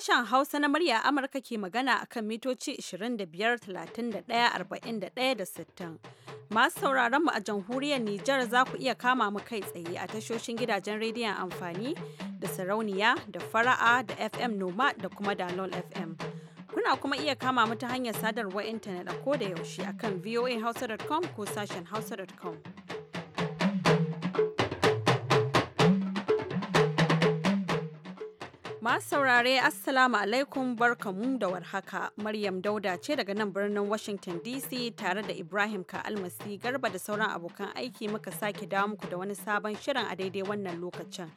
Sashen Hausa na murya Amurka ke magana a kan mitoci 25-31-41 da sittin Masu sauraron mu a jamhuriyar Nijar za ku iya kama mu kai tsaye a tashoshin gidajen rediyon amfani da sarauniya da fara'a da FM Noma da kuma Dalol FM. Kuna kuma iya kama mu ta hanyar sadarwar intanet a koda yaushe akan voahausa.com ko sashen hausa.com. Masu saurare Assalamu alaikum barkamu da warhaka. Maryam Dauda ce daga nan birnin Washington DC tare da Ibrahim Ka'almasi Garba da sauran abokan aiki muka sake dawo muku da wani sabon shirin a daidai wannan lokacin.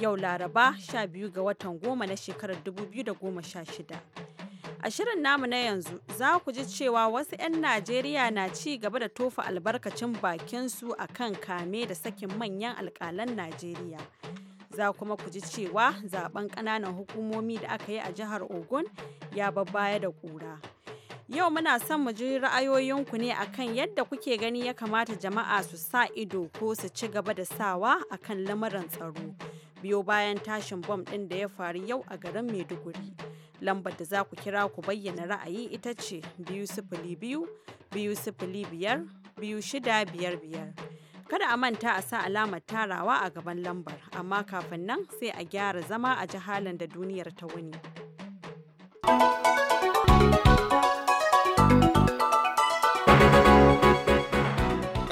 Yau Laraba 12 ga watan goma na shekarar 2016. A shirin namu na yanzu za ku ji cewa wasu 'yan Najeriya na ci gaba da tofa albarkacin bakinsu a kan kame da sakin manyan alkalan Najeriya. za kuma ku ji cewa zaben ƙananan hukumomi da aka yi a jihar ogun ya babbaya da ƙura yau muna son mu ji ra'ayoyinku ne akan yadda kuke gani ya kamata jama'a su sa ido ko su ci gaba da sawa akan lamarin tsaro biyo bayan tashin bom ɗin da ya faru yau a garin maiduguri lambar da za ku kira ku bayyana ra'ayi ita ce biyu sifili biyu biyu sifili biyar biyu shida biyar biyar Kada a manta a sa alamar tarawa a gaban lambar, amma kafin nan sai a gyara zama a ji halin da duniyar ta wuni.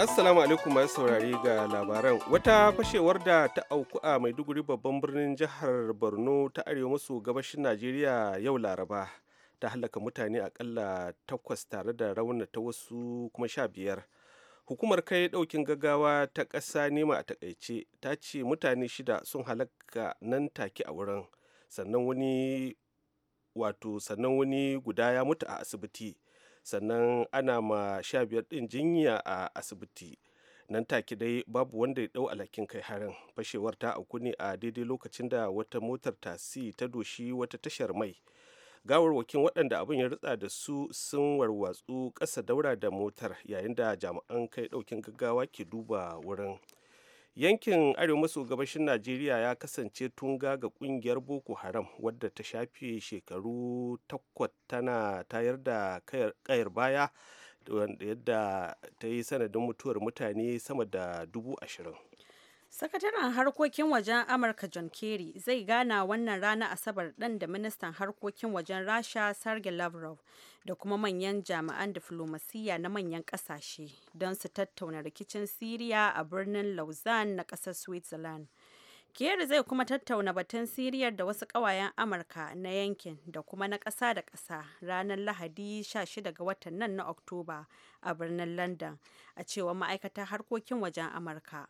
Assalamu alaikum masu saurari ga labaran. Wata fashewar da ta auku a Maiduguri babban birnin jihar Borno ta arewa maso gabashin Najeriya yau Laraba ta halaka mutane akalla takwas tare da ta wasu kuma sha biyar. hukumar kai daukin gaggawa ta ƙasa nema a takaice ta ce mutane shida sun halakka nan take a wurin sannan wani wato sannan wani guda ya mutu a asibiti sannan ana ma sha biyar ɗin jinya a asibiti nan take dai babu wanda ya dau alhakin kai harin fashewar ta auku ne a daidai lokacin da wata motar tasi ta doshi wata tashar mai gawarwakin waɗanda abin ya rutsa da su sun warwatsu ƙasa daura da motar yayin da jami'an kai ɗaukin gaggawa ke duba wurin yankin arewa maso gabashin najeriya ya kasance tunga ga ƙungiyar boko haram wadda ta shafe shekaru takwas tana tayar da kayar baya yadda ta yi sanadin mutuwar mutane sama da dubu ashirin Sakataren harkokin wajen Amurka John Kerry zai gana wannan rana Asabar ɗan da ministan harkokin wajen Rasha Sergei Lavrov da kuma manyan jami'an diflomasiyya na manyan ƙasashe don su tattauna rikicin Siriya a birnin Lausanne na ƙasar Switzerland. Kerry zai kuma tattauna batun Siriyar da wasu ƙawayen Amurka na yankin da kuma na ƙasa da ƙasa ranar Lahadi 16 ga watan nan na Oktoba a birnin London a cewa ma'aikatar harkokin wajen Amurka.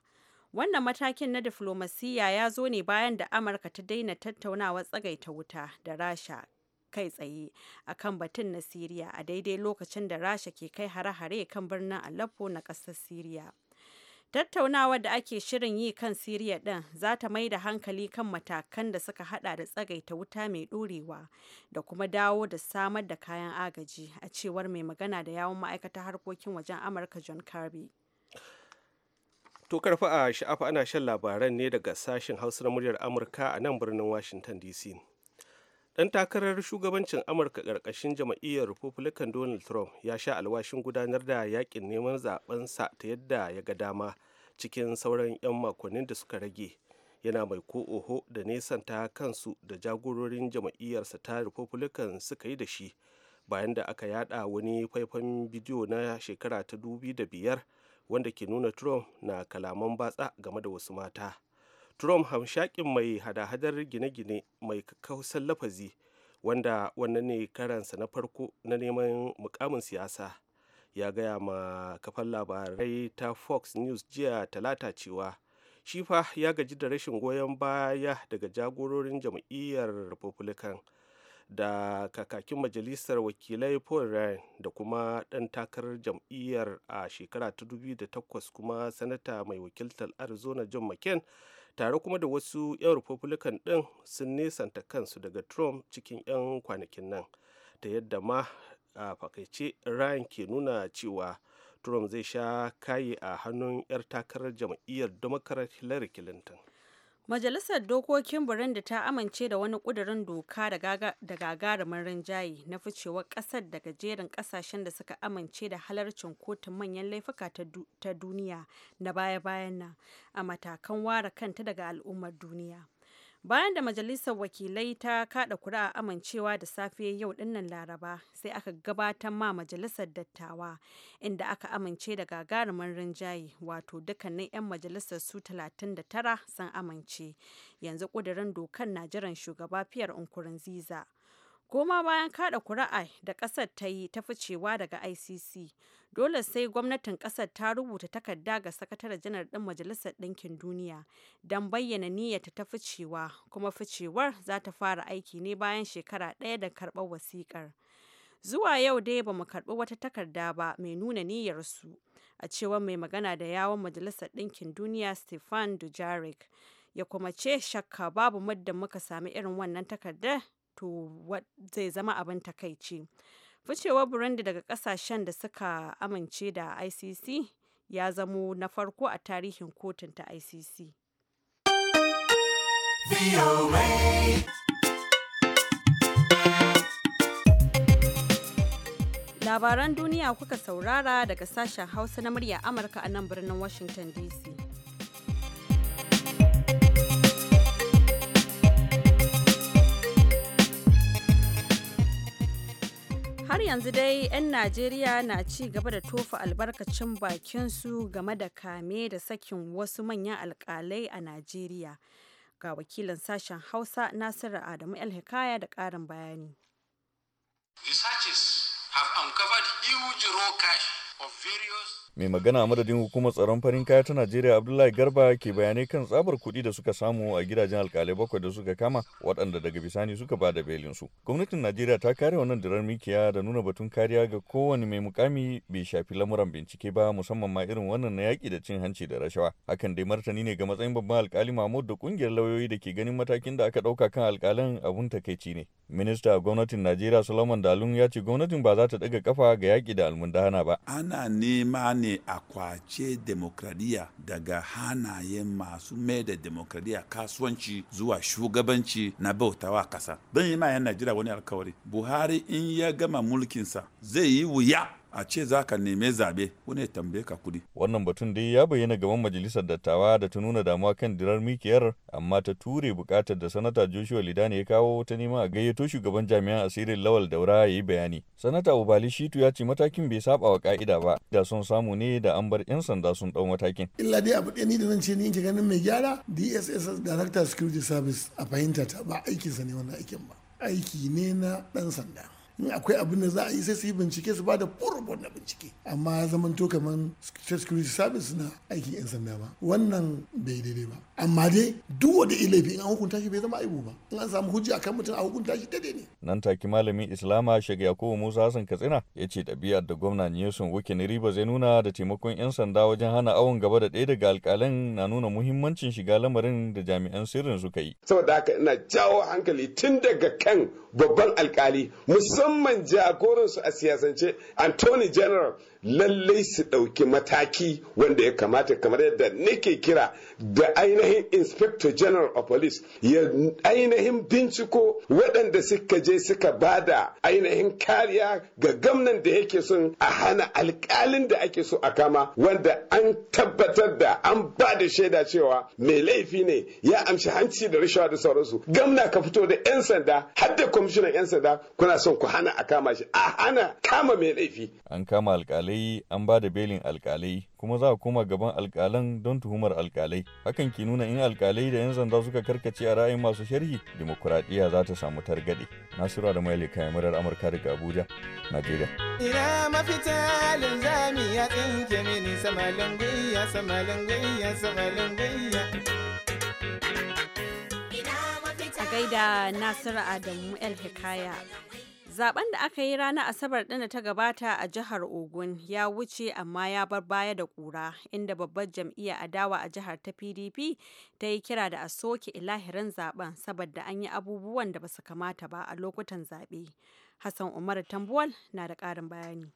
Wannan matakin na diflomasiyya ya zo ne bayan da Amurka ta daina tattaunawa tsagaita wuta da Rasha kai tsaye a kan batun na Siriya a daidai lokacin da Rasha ke kai hare-hare kan birnin Aleppo na ƙasar Siriya. Tattaunawar da ake shirin yi kan Siriya ɗin za ta mai da hankali kan matakan da suka hada da tsagaita wuta mai ɗorewa da kuma dawo da samar da kayan agaji a cewar mai magana da yawon ma'aikatar harkokin wajen Amurka John Kirby. To karfa a sha'afa ana shan labaran ne daga sashen Hausa na muryar Amurka a nan birnin Washington DC. Ɗan takarar shugabancin Amurka ƙarƙashin jam'iyyar Republican Donald Trump ya sha alwashin gudanar da yakin neman zaɓensa ta yadda ya ga dama cikin sauran 'yan makonnin da suka rage. Yana mai ko oho da nesanta kansu da jagororin jam'iyyarsa ta Republican suka yi da shi bayan da aka yada wani faifan bidiyo na shekara ta dubi da biyar wanda ke nuna trump na kalaman batsa game da wasu mata trump hamshakin mai hada-hadar gine-gine mai kakkausar lafazi wanda wannan ne karansa na farko na neman mukamin siyasa ya gaya ma kafan labarai ta fox news jiya talata cewa shifa ya gaji da rashin goyon baya daga jagororin jam'iyyar republican da kakakin majalisar wakilai paul ryan da kuma ɗan takarar jam'iyyar a shekara ta 2008 kuma sanata mai wakiltar arizona john mccain tare kuma da wasu 'yan republican ɗin sun nesanta kansu daga trump cikin 'yan kwanakin nan ta yadda ma a fakaice ryan ke nuna cewa trump zai sha kayi a hannun 'yar takarar jam'iyyar democrat hillary clinton Majalisar Dokokin Burundi ta amince da wani ƙudurin doka da gagarumin rinjaye na ficewar ƙasar daga jerin ƙasashen da suka amince da halarcin kotun manyan laifuka ta duniya na baya-bayan nan a matakan ware kanta daga al'ummar duniya. bayan da majalisar wakilai ta kada kuri'a amincewa da safe yau dinnan laraba sai aka gabatar ma majalisar dattawa inda aka amince da gagarumin rinjaye wato dukkanin 'yan majalisar su 39 sun amince yanzu kudirin dokan na jiran shugaba fiyar ziza goma bayan kada kuri'a da kasar ta yi ta ficewa daga icc dole sai gwamnatin kasar ta rubuta takarda ga sakataren janar ɗin majalisar ɗinkin duniya don bayyana niyyata ta ficewa kuma ficewar za ta fara aiki ne bayan shekara ɗaya da karɓar wasiƙar zuwa yau dai ba mu karɓi wata takarda ba mai nuna niyyarsu a cewar mai magana da yawon majalisar ɗinkin duniya stefan dujarik ya kuma ce shakka babu muddin muka sami irin wannan takardar to zai zama abin takaici. Ficewar Burundi daga kasashen da suka amince da ICC ya zamo na farko a tarihin kotun ta ICC. Labaran duniya kuka saurara daga sashen Hausa na murya Amurka a nan birnin Washington DC. yanzu dai 'yan Najeriya na ci gaba da tofa albarkacin su game da kame da sakin wasu manyan alkalai a Najeriya. Ga wakilin sashen Hausa Nasiru Adamu El Hikaya da ƙarin bayani. Researchers have uncovered huge raw cash of various mai magana a madadin hukumar tsaron farin kaya ta najeriya abdullahi garba ke bayanai kan tsabar kuɗi da suka samu a gidajen alkalai bakwai da suka kama waɗanda daga bisani suka ba da su. gwamnatin najeriya ta kare wannan dirar mikiya da nuna batun kariya ga kowane mai mukami bai shafi lamuran bincike ba musamman ma irin wannan na yaƙi da cin hanci da rashawa hakan dai martani ne ga matsayin babban alkali mahmud da ƙungiyar lauyoyi da ke ganin matakin da aka ɗauka kan alkalan abun takaici ne minista a gwamnatin najeriya solomon dalun ya ce gwamnatin ba za ta ɗaga kafa ga yaƙi da almundana ba ana nema shine a kwace demokradiyya daga hanaye masu mai da demokradiyya kasuwanci zuwa shugabanci na bautawa kasa don yi ma yan najeriya wani alkawari buhari in ya gama mulkinsa zai yi wuya a ce za ka neme zaɓe. wani ya tambaye ka kudi. Wannan batun dai ya bayyana gaban majalisar dattawa da ta nuna damuwa kan dirar mikiyar amma ta ture bukatar da sanata Joshua Lidani ya kawo ta neman a gayyato shugaban jami'an asirin Lawal Daura ya yi bayani. Sanata Ubali Shitu ya ce matakin bai saba wa ka'ida ba da son samu ne da an bar 'yan sanda sun dau matakin. Illa dai abu ɗaya ni da zan ce ni yanke ganin mai gyara DSS Director Security Service a fahimta ta ba aikinsa ne wannan aikin ba. Aiki ne na ɗan sanda. in akwai abin da za a yi sai su yi bincike su ba da na bincike amma ya zama to kamar security service na aikin yan sanda ba wannan bai daidai ba amma dai duk wanda laifi in an hukunta shi bai zama aibu ba in an samu hujja akan mutum a hukunta shi daidai ne nan take malamin islama shek yakubu musa hassan katsina ya ce ɗabi'ar da gwamna wuke wikin riba zai nuna da taimakon yan sanda wajen hana awon gaba da ɗaya daga alƙalin na nuna muhimmancin shiga lamarin da jami'an sirrin suka yi saboda haka ina jawo hankali tun daga kan babban alƙali musamman musamman jagoransu a siyasance Anthony General lallai su ɗauki mataki wanda ya kamata kamar yadda nake kira da ainihin inspector general of police ya ainihin binciko waɗanda suka je suka ba da ainihin kariya ga gamnan da yake son a hana alkalin da ake so a kama wanda an tabbatar da an ba da shaida cewa mai laifi ne ya amshi hanci da rashawa da sauransu gamna ka fito da 'yan sanda har da kwamishinan 'yan sanda kuna son ku hana a kama shi a hana kama mai laifi an kama alƙalai yi an ba da belin alkalai kuma za a koma gaban alkalan don tuhumar alkalai hakan ke nuna in alkalai da 'yan sanda suka karkace a ra'ayin masu sharhi dimokuraɗiyya za ta samu targaɗe nasiru da maili kayan murar amurka daga abuja najeriya ina mafita linzami ya tsinke mini sama sama sama gaida Nasiru Adamu El Hikaya. Zaben da aka yi ranar Asabar ɗin da ta gabata a jihar Ogun ya wuce amma ya bar baya da ƙura inda babbar jam'iyya dawa a jihar ta PDP ta yi kira da a soke ilahirin zaben saboda an yi abubuwan da ba su kamata ba a lokutan zaɓe. Hassan Umar Tambuwal na da ƙarin bayani.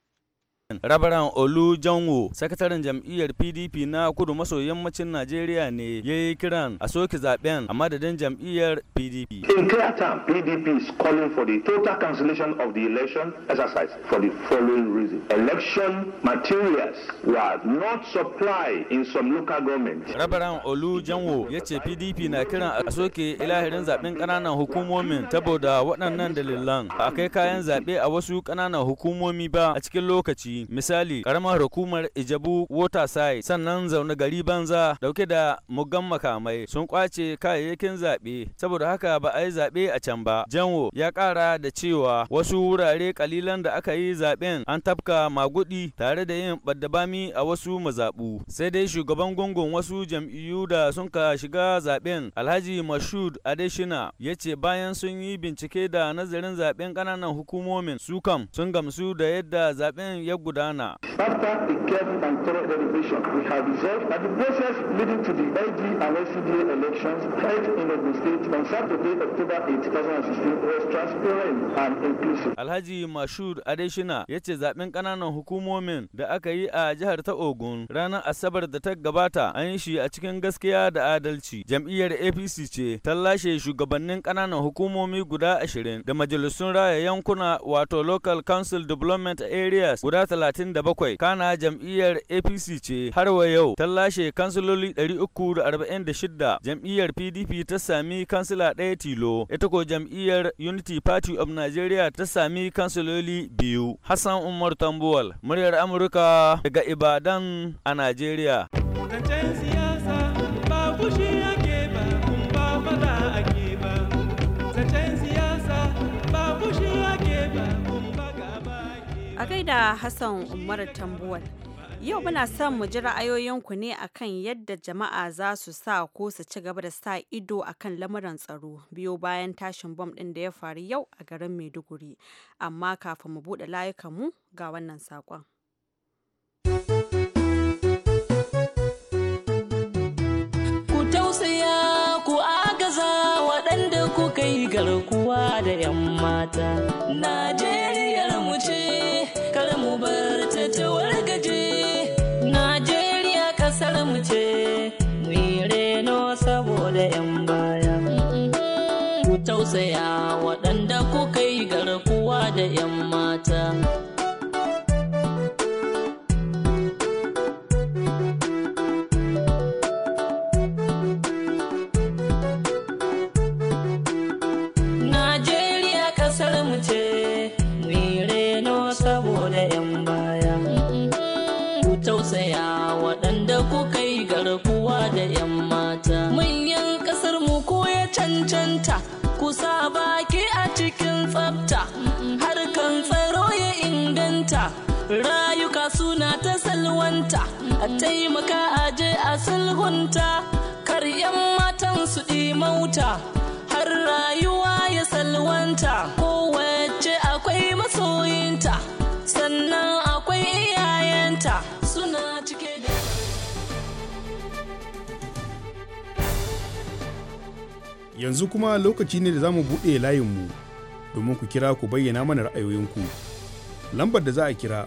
rabaran olu janwo sakataren jam'iyyar pdp na kudu maso yammacin najeriya ne ya yi kiran a soke zaben a madadin jam'iyyar pdp in clear term pdp is calling for the total cancellation of the election exercise for the following reason election materials were not supplied in some local government. rabaran olu janwo ya ce pdp na kiran a soke ilahirin zaben kananan hukumomin saboda waɗannan dalilan ba a kai kayan zaɓe a wasu kananan hukumomi ba a cikin lokaci misali karamar hukumar Ijabu water Waterside sannan zaune gari banza dauke da mugan makamai sun kwace kayayyakin zaɓe saboda haka ba a yi zaɓe a can ba Janwo ya ƙara da cewa wasu wurare kalilan da aka yi zaɓen an tafka magudi tare da yin baddabami a wasu mazaɓu sai dai shugaban gungun wasu jam'iyyu da sun ka shiga zaɓen Alhaji Mashud Adeshina ya ce bayan sun yi bincike da nazarin zaɓen ƙananan hukumomin su kam sun gamsu da yadda zaɓen ya gudana gudana. After the case and administration, We have resolved that the process leading to the LG and SCDA elections held in Ogun State on Saturday, October 8, 2016 was transparent and inclusive. Alhaji Mashur Adeshina ya ce zaɓen ƙananan hukumomin da aka yi a jihar ta Ogun ranar Asabar da ta gabata an yi shi a cikin gaskiya da adalci. Jam'iyyar APC ce ta lashe shugabannin ƙananan hukumomi guda ashirin da majalisun raya yankuna wato Local Council Development Areas guda 37 Kana jam'iyyar APC ce ce har wa yau ta lashe kansiloli 346 jam'iyyar pdp ta sami kansila ɗaya tilo ita ko jam'iyyar unity party of nigeria ta sami kansiloli biyu hassan umar tambuwal muryar amurka daga ibadan a nigeria a gaida hassan umar tambuwal Yau muna son mu ji ra'ayoyinku ne akan yadda jama'a za su sa ko su ci gaba da sa ido akan lamuran tsaro biyo bayan tashin bom ɗin da ya faru yau a garin Maiduguri. Amma kafin mu buɗe layukanmu ga wannan saƙon. Ku tausaya ku agaza waɗanda kuka garkuwa da 'yan mata. Najeriyar mu ce, kar mu bar tausaya waɗanda kuka yi garkuwa da 'yan mata. rayuka suna ta salwanta a taimaka a je a sulhunta Karyan matan su mauta har rayuwa ya salwanta kowace akwai masoyinta sannan akwai iyayenta suna cike da yanzu kuma lokaci ne da za mu buɗe layinmu domin ku kira ku bayyana mana ra'ayoyinku lambar da za a kira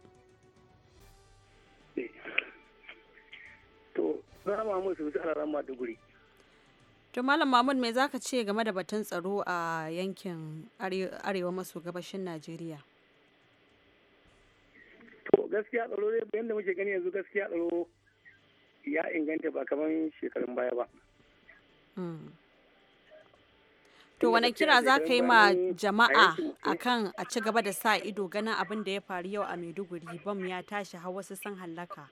Suna su Sunusi Alaran Maduguri. To Malam Mamun me zaka ce game da batun tsaro a yankin arewa maso gabashin Najeriya? To gaskiya tsaro yadda muke gani yanzu gaskiya tsaro ya inganta ba kaman shekarun baya ba. Hmm. To wane kira za ka yi ma jama'a a kan a ci gaba da sa ido ganin abin da ya faru yau a Maiduguri bam ya tashi har wasu san hallaka.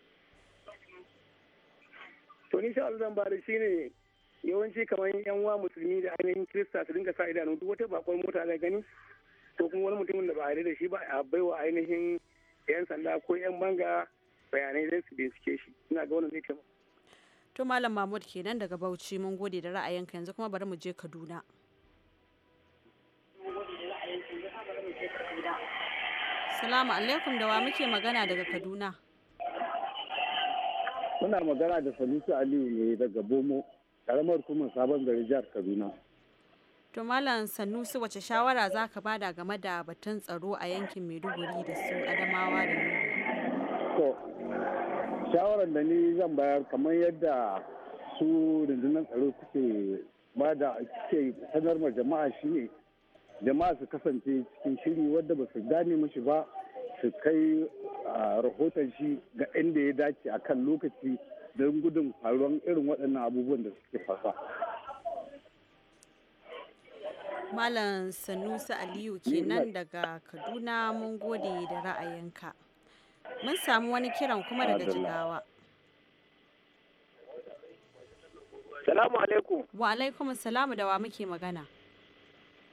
to ni Allah zan bada shine yawanci kamar yan wa musulmi da ainihin kirista su dinga sa idanu duk wata bakon mota da gani ko kuma wani mutumin da ba a da shi ba a baiwa ainihin yan sanda ko yan banga bayanai da su bincike shi ina ga wannan zai to malam mahmud kenan daga bauchi mun gode da ra'ayinka yanzu kuma bari mu je kaduna salamu alaikum da wa muke magana daga kaduna Muna magana da Salisu Aliyu ne daga Bomo, karamar kuma sabon gari jihar Kaduna. To Malam Sanusi wace shawara za ka bada game da batun tsaro a yankin Maiduguri da su Adamawa da To, shawarar da ni zan bayar kamar yadda su rundunar tsaro suke bada suke sanar ma jama'a shine jama'a su kasance cikin shiri wadda ba su gane mashi ba su kai rahoton shi ga inda ya dace a kan lokaci don gudun faruwan irin waɗannan abubuwan da suke fasa. Malam Sanusa Aliyu kenan daga Kaduna mun gode da ra'ayinka. Mun samu wani kiran kuma daga Jigawa. Salamu alaikum. Wa alaikum salamu da wa muke magana.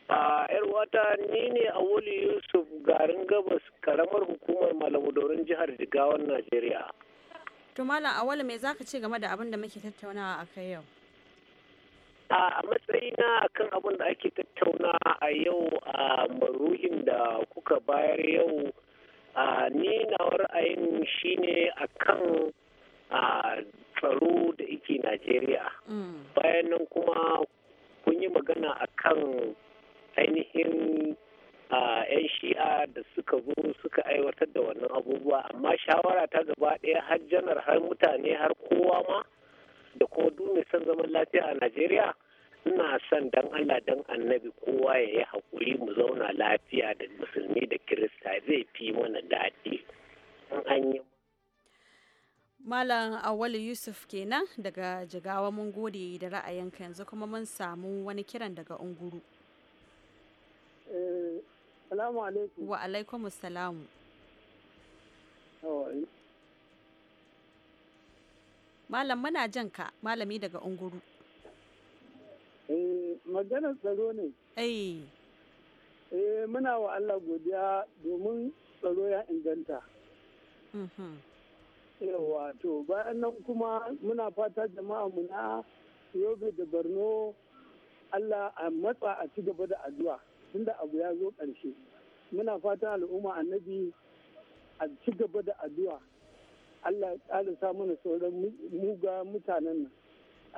a yar wata ni ne a wuli yusuf garin gabas karamar hukumar doron jihar jigawan najeriya to a awali me zaka ce game da abin da muke tattaunawa a kai yau a matsayina akan abin da ake tattauna a yau a maruhin da kuka bayar yau a ni na ra'ayin shine akan a tsaro da ike najeriya mm. bayan nan kuma kun yi magana akan ainihin yan shi'a da suka zo suka aiwatar da wannan abubuwa amma shawara ta gaba ɗaya har janar har mutane har kowa ma da kuma duk son zaman lafiya a najeriya ina son dan allah dan annabi kowa ya yi haƙuri mu zauna lafiya da musulmi da kirista zai fi mana daɗi an Malam Awali Yusuf kenan daga Jigawa mun gode da ra'ayinka yanzu kuma mun samu wani kiran daga Unguru. Salamu alaikum. Wa alaikum salamu. Malam muna jan ka malami daga unguru. Eh maganar tsaro ne. Eh. Eh muna wa Allah godiya domin tsaro ya inganta. Mhm. Yawa to bayan nan kuma muna fata jama'a mu na Yobe da barno Allah a matsa a ci gaba da addu'a. tunda abu ya zo ƙarshe muna fatan al'umma annabi a ci gaba da addu'a Allah ya ƙarasa mana sauran muga mutanen nan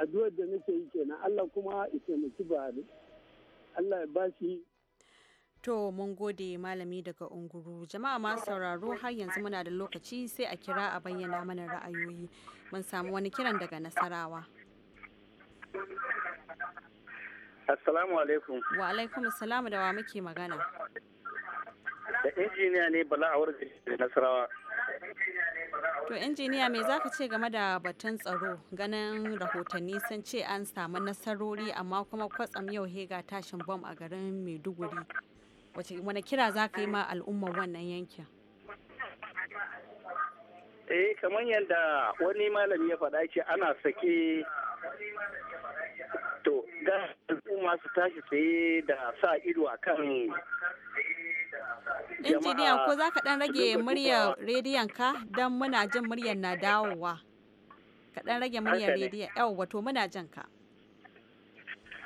addu'ar da nake yi kenan Allah kuma ya taimaki bari Allah ya ba shi To mun gode malami daga unguru jama'a ma sauraro har yanzu muna da lokaci sai a kira a bayyana mana ra'ayoyi mun samu wani kiran daga nasarawa. Assalamu alaikum. Wa alaikum assalam da wa muke magana. Da injiniya ne Bala da Nasarawa. To injiniya me zaka ce game da batun tsaro ganin rahotanni sun ce an samu nasarori amma kuma kwatsam yau hega tashin bom a garin Maiduguri. Wace wani kira za ka yi ma al'ummar wannan yankin? Eh kamar yadda wani malami ya faɗa ce ana sake to ga al'umma su tashi tsaye da sa ido a kan injiniya ko za ka dan rage muryar rediyon ka don muna jin muryar na dawowa ka dan rage muryar rediyon yau wato muna jin ka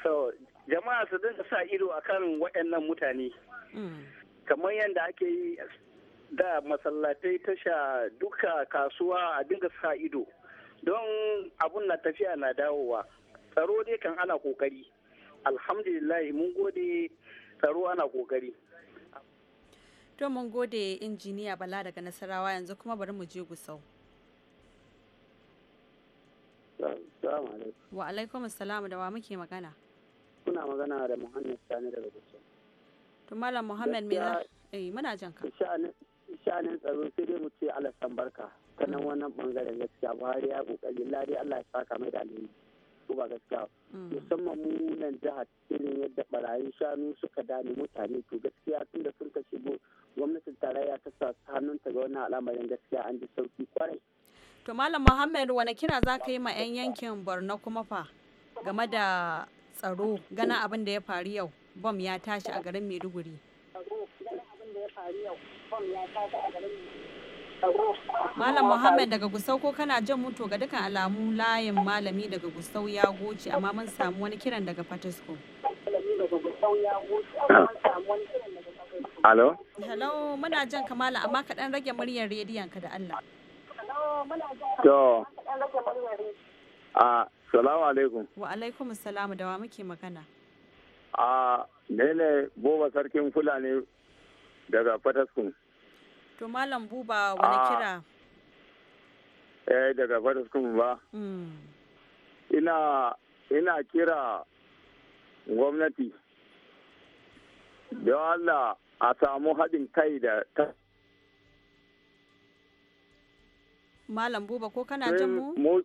so jama'a su dinga sa ido a kan waɗannan mutane mm. kamar yadda ake yi da masallatai tasha duka kasuwa a dinga sa ido don abun na tafiya na dawowa tsaro dai kan ana kokari alhamdulillah mun gode tsaro ana kokari to mun gode injiniya bala daga nasarawa yanzu kuma bari mu je gusau wa alaikum assalamu da wa muke magana kuna magana da muhammad sani daga gusau to malam muhammad me za eh muna jan ka sha'anin tsaro sai dai mu ce alasan barka ta nan wannan bangaren gaskiya buhari ya kokari ladi allah ya saka mai da alheri ko ba gaskiya mm. musamman mu nan jihar irin yadda barayin shanu suka dame mutane to gaskiya tunda sun ka shigo gwamnatin tarayya ta sa hannunta ga wani al'amarin gaskiya an ji sauki kwarai to malam muhammad wani kira za ka yi ma 'yan yankin borno kuma fa game da tsaro gana abin da ya faru yau bom ya tashi a garin maiduguri abin da ya faru yau bom ya tashi a garin maiduguri Malam Muhammad daga Gusau ko kana jan mutu ga dukkan alamu layin malami daga Gusau ya goce amma mun samu wani kiran daga Fatasko. Hello? Hello, muna jan kamala amma ka dan rage muryar rediyon ka da Allah. To. Ah, salamu alaikum. Wa alaikum salam. da wa muke magana. Ah, ne ne boba sarkin Fulani daga Fataskun. To Malam Buba wani ah. kira? Eh daga Fataskun ba. Hmm. Ina ina kira gwamnati. Da Allah a samu haɗin kai da ta Malam Buba ko kana jin mu?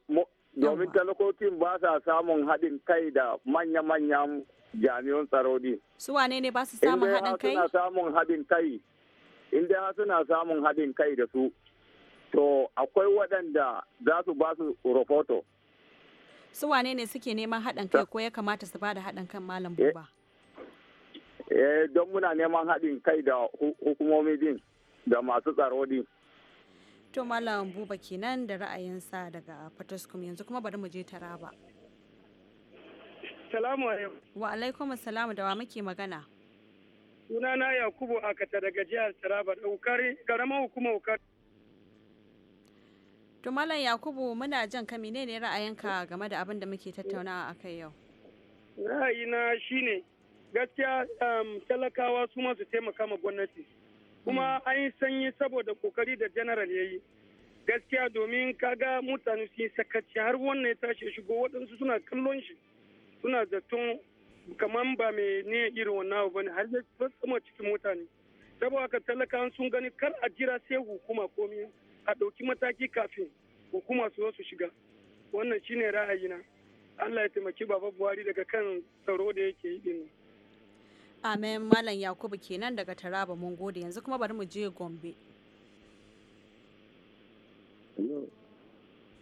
Domin talakokin ba sa samun haɗin kai da manya-manyan jami'an tsaro ne. Su wane ne ba su samun haɗin kai? Suna samun haɗin kai. in dai har suna samun haɗin kai da su to akwai waɗanda za su ba su rahoto su wane ne suke neman haɗin kai ko ya kamata su ba da haɗin kan malam eh, buba eh don muna neman haɗin kai da hukumomi din da masu tsaro din to malam buba kenan da ra'ayinsa daga fataskum yanzu kuma bari mu je taraba salamu alaikum wa alaikum salamu da wa muke magana sunana yakubu akata daga jihar taraba ukari karamar hukumar ukari to malam yakubu muna jan ka ne ra'ayinka game da abin da muke tattaunawa a kai yau ra'ayina shine gaskiya um, talakawa su masu taimaka ma gwamnati kuma hmm. an yi sanyi saboda kokari da general ya yi gaskiya domin kaga mutane sun yi sakaci har wannan ya tashi shigo waɗansu suna kallon shi suna zaton kaman ba mai ne irin wannan abu bane har ya tsama cikin mutane saboda haka talaka sun gani kar a jira sai hukuma komi a ɗauki mataki kafin hukuma su zo su shiga wannan shine ra'ayina Allah ya taimaki baba Buhari daga kan tsaro da yake yi din Amen Malam Yakubu kenan daga Taraba mun gode yanzu kuma bari mu je Gombe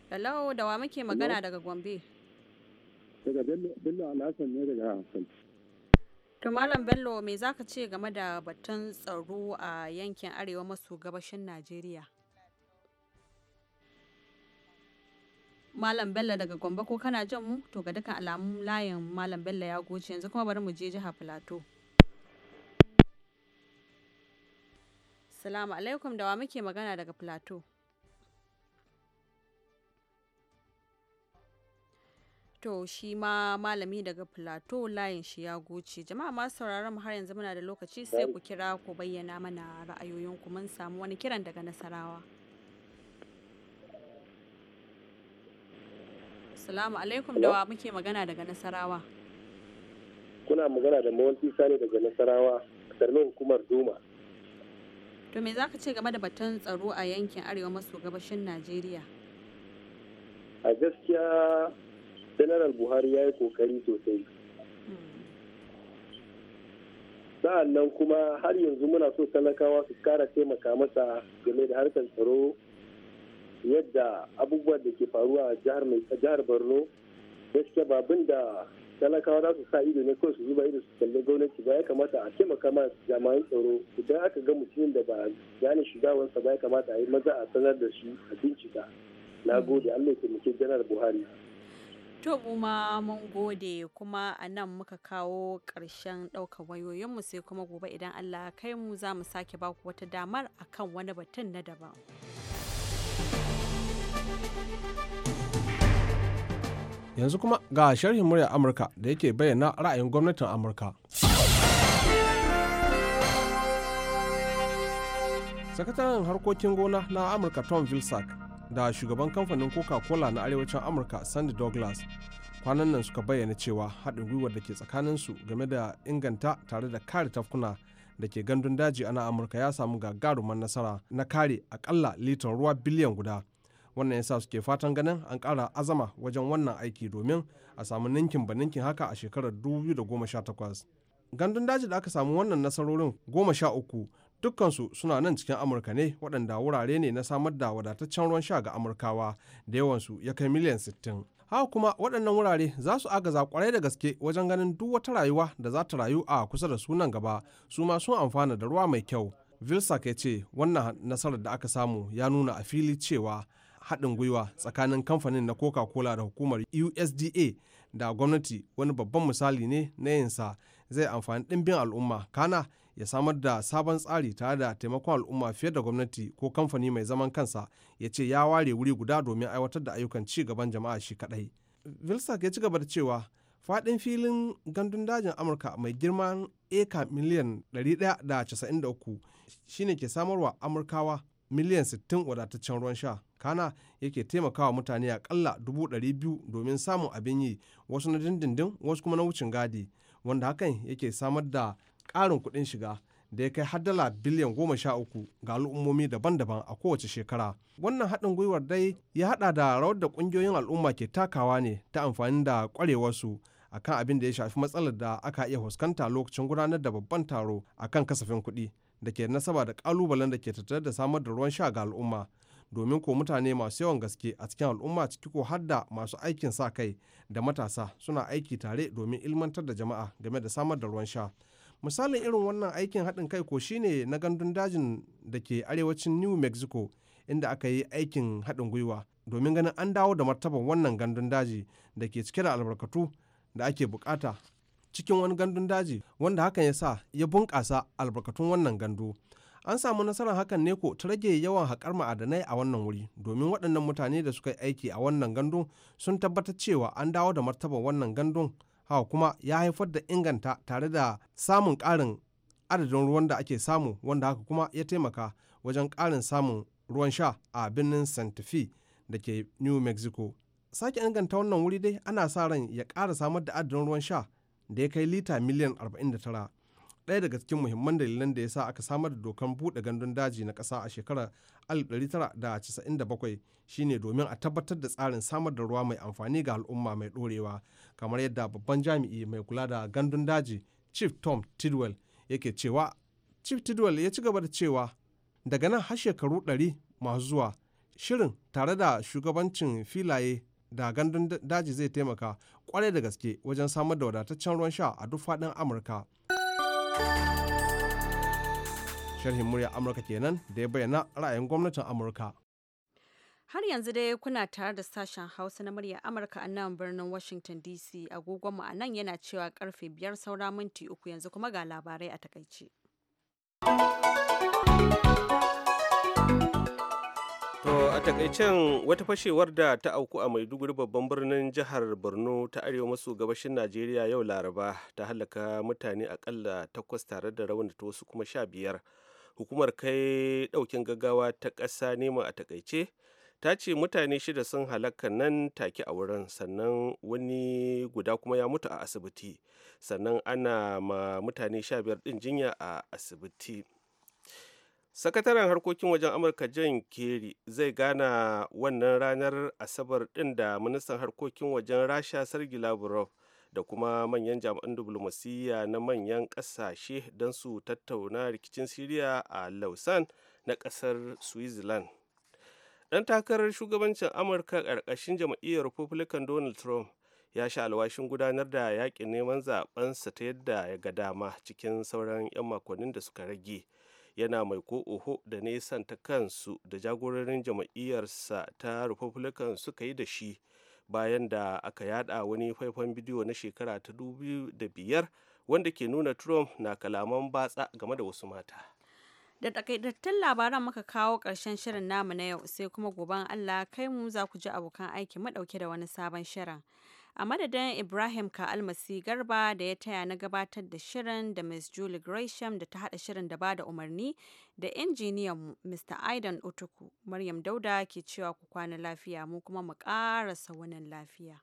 Hello da wa muke magana daga Gombe daga bello alhassan ne daga to malam bello me za ka ce game da batun tsaro a yankin arewa maso gabashin najeriya malam bello daga gombe ko kana jan mu to ga dukkan alamun layin malam bello ya goce yanzu kuma bari mu je jiha filato salamu alaikum da wa muke magana daga filato to shi ma malami daga plateau layin shi ya goce jama'a masu sauraron mu har yanzu muna da lokaci sai ku kira ku bayyana mana ra'ayoyinku mun samu wani kiran daga nasarawa Assalamu alaikum da wa muke magana daga Nasarawa. Kuna magana da mawanti Sani daga Nasarawa, ƙarfin hukumar Duma. To me zaka ce game da batun tsaro a yankin Arewa maso gabashin Najeriya? A gaskiya general buhari ya yi kokari sosai sa'an nan kuma har yanzu muna so talakawa su kara taimaka masa game da harkar tsaro yadda abubuwan da ke faruwa a jihar borno gaskiya babin da talakawa za su sa ido ne kawai su zuba ido su kalli gwamnati ba ya kamata a taimaka ma jami'an tsaro idan aka ga mutumin da ba gane wansa ba ya kamata a yi maza a sanar da shi a bincika na gode allah ya taimake janar buhari To kuma mun gode kuma a nan muka kawo ƙarshen ɗaukar wayoyinmu sai kuma gobe idan Allah kai mu za mu sake baku wata damar akan wani batun na daban. Yanzu kuma ga sharhin murya Amurka da yake bayyana ra'ayin gwamnatin Amurka. Sakataren harkokin gona na Amurka Tom Vilsack da shugaban kamfanin coca-cola na arewacin amurka sandy douglas kwanan nan suka bayyana cewa haɗin gwiwar da ke tsakaninsu game da inganta tare da kare tafkuna da ke gandun daji ana amurka ya samu gagaruman nasara na kare akalla litan ruwa biliyan guda wannan yasa suke fatan ganin an ƙara azama wajen wannan aiki domin a samu ninkin ba ninkin haka a shekarar 2018 gandun daji da aka samu wannan nasarorin goma sha uku dukkansu suna nan cikin amurka ne waɗanda wurare ne na samar da wadataccen ruwan sha ga amurkawa da yawansu ya kai miliyan 60 haka kuma waɗannan wurare za su agaza kwarai da gaske wajen ganin duk wata rayuwa da za ta rayu a kusa da sunan gaba su ma sun amfana da ruwa mai kyau vilsa ya ce wannan nasarar da aka samu ya nuna a fili cewa haɗin gwiwa tsakanin kamfanin na coca-cola da hukumar usda da gwamnati wani babban misali ne na yinsa zai amfani ɗimbin al'umma kana ya samar da sabon tsari tare da taimakon al'umma fiye da gwamnati ko kamfani mai zaman kansa ya ce ya ware wuri guda domin aiwatar da ayyukan ci gaban jama'a shi kadai. vilsack ya ci gaba da cewa faɗin filin gandun dajin amurka mai girman eka miliyan 193 shine ke samarwa amurkawa miliyan 60 wadataccen ruwan sha kana yake taimakawa mutane akalla 200,000 domin samun abin yi wasu na dindindin wasu kuma na wucin gadi wanda hakan yake samar da karin kuɗin shiga da ya kai har dala biliyan goma sha uku ga al'ummomi daban-daban a kowace shekara. Wannan haɗin gwiwar dai ya haɗa da rawar da ƙungiyoyin al'umma ke takawa ne ta amfani da ƙwarewarsu a kan abin da ya shafi matsalar da aka iya fuskanta lokacin gudanar da babban taro a kan kasafin kuɗi da ke nasaba da ƙalubalen da ke tattare da samar da ruwan sha ga al'umma. domin ko mutane masu yawan gaske a cikin al'umma ciki ko hadda masu aikin sa kai da matasa suna aiki tare domin ilmantar da jama'a game da samar da ruwan sha misalin irin wannan aikin haɗin kai ko shine na gandun dajin da ke arewacin new mexico inda aka yi aikin haɗin gwiwa domin ganin an dawo da martaban wannan gandun daji da ke cike da albarkatu da ake bukata cikin wani gandun daji wanda hakan ya sa ya bunƙasa albarkatun wannan gandu an samu nasarar hakan ne ko ta rage yawan haƙar ma'adanai a wannan wuri domin waɗannan mutane da suka yi aiki a wannan gandun sun tabbatar cewa an dawo da martaban wannan gandun hawa kuma ya haifar da inganta tare da samun ƙarin adadin ruwan da ake samu wanda haka kuma ya taimaka wajen karin samun ruwan sha a birnin santa fe da ke new mexico sake inganta wannan wuri dai ana sa ran ya ƙara samar da adadin ruwan sha da ya kai lita miliyan 49 ɗaya daga cikin muhimman dalilan da ya sa aka samar da dokar buɗe gandun daji na ƙasa a shekarar 1997 shine domin a tabbatar da tsarin samar da ruwa mai amfani ga al'umma mai ɗorewa kamar yadda babban jami'i mai kula da gandun daji chief tom tidwell yake cewa chief tidwell ya ci gaba da cewa daga nan har shekaru 100 masu zuwa shirin tare da shugabancin filaye da gandun daji zai taimaka kwarai da gaske wajen samar da wadataccen ruwan sha a duk faɗin amurka sharhin murya amurka kenan da ya bayyana ra'ayin gwamnatin amurka har yanzu dai kuna tare da sashen hausa na murya amurka a nan birnin washington dc agogonmu a nan yana cewa karfe biyar saura minti uku yanzu kuma ga labarai a takaice To a takaicen wata fashewar da ta auku a Maiduguri babban birnin jihar Borno ta arewa maso gabashin Najeriya yau Laraba ta halaka mutane akalla takwas tare da rawan ta wasu kuma sha biyar. Hukumar kai daukin gaggawa ta ƙasa nema a takaice ta ce mutane shida sun halaka nan take a wurin sannan wani guda kuma ya mutu a asibiti sannan ana ma mutane sha biyar din jinya a asibiti. sakataren harkokin wajen amurka john kerry zai gana wannan ranar asabar din da ministan harkokin wajen rasha sergei lavrov da kuma manyan jami'an diplomasiyya na manyan kasashe don su tattauna rikicin siriya a lausanne na kasar switzerland dan takarar shugabancin amurka ƙarƙashin jam'iyyar republican donald trump ya sha alwashin gudanar da yakin neman sa ta yadda ya ga dama cikin sauran 'yan makonnin da suka rage yana mai ko oho da nesan ta kansu da jagororin jam'iyyarsa ta republican suka yi da shi bayan da aka yada wani faifan bidiyo na shekara ta biyar wanda ke nuna trump na kalaman batsa game da wasu mata da takaitattun labaran muka kawo karshen shirin namu na yau sai kuma goben allah kai mu za ku ji abokan aiki madauke da wani sabon shirin a madadin ibrahim ka'almasi garba da ya taya na gabatar da shirin da miss julie gresham da ta hada shirin da ba da umarni da injiniyan mr aidan otoku maryam dauda ke cewa ku kwana lafiya mu kuma mu ƙarasa wannan lafiya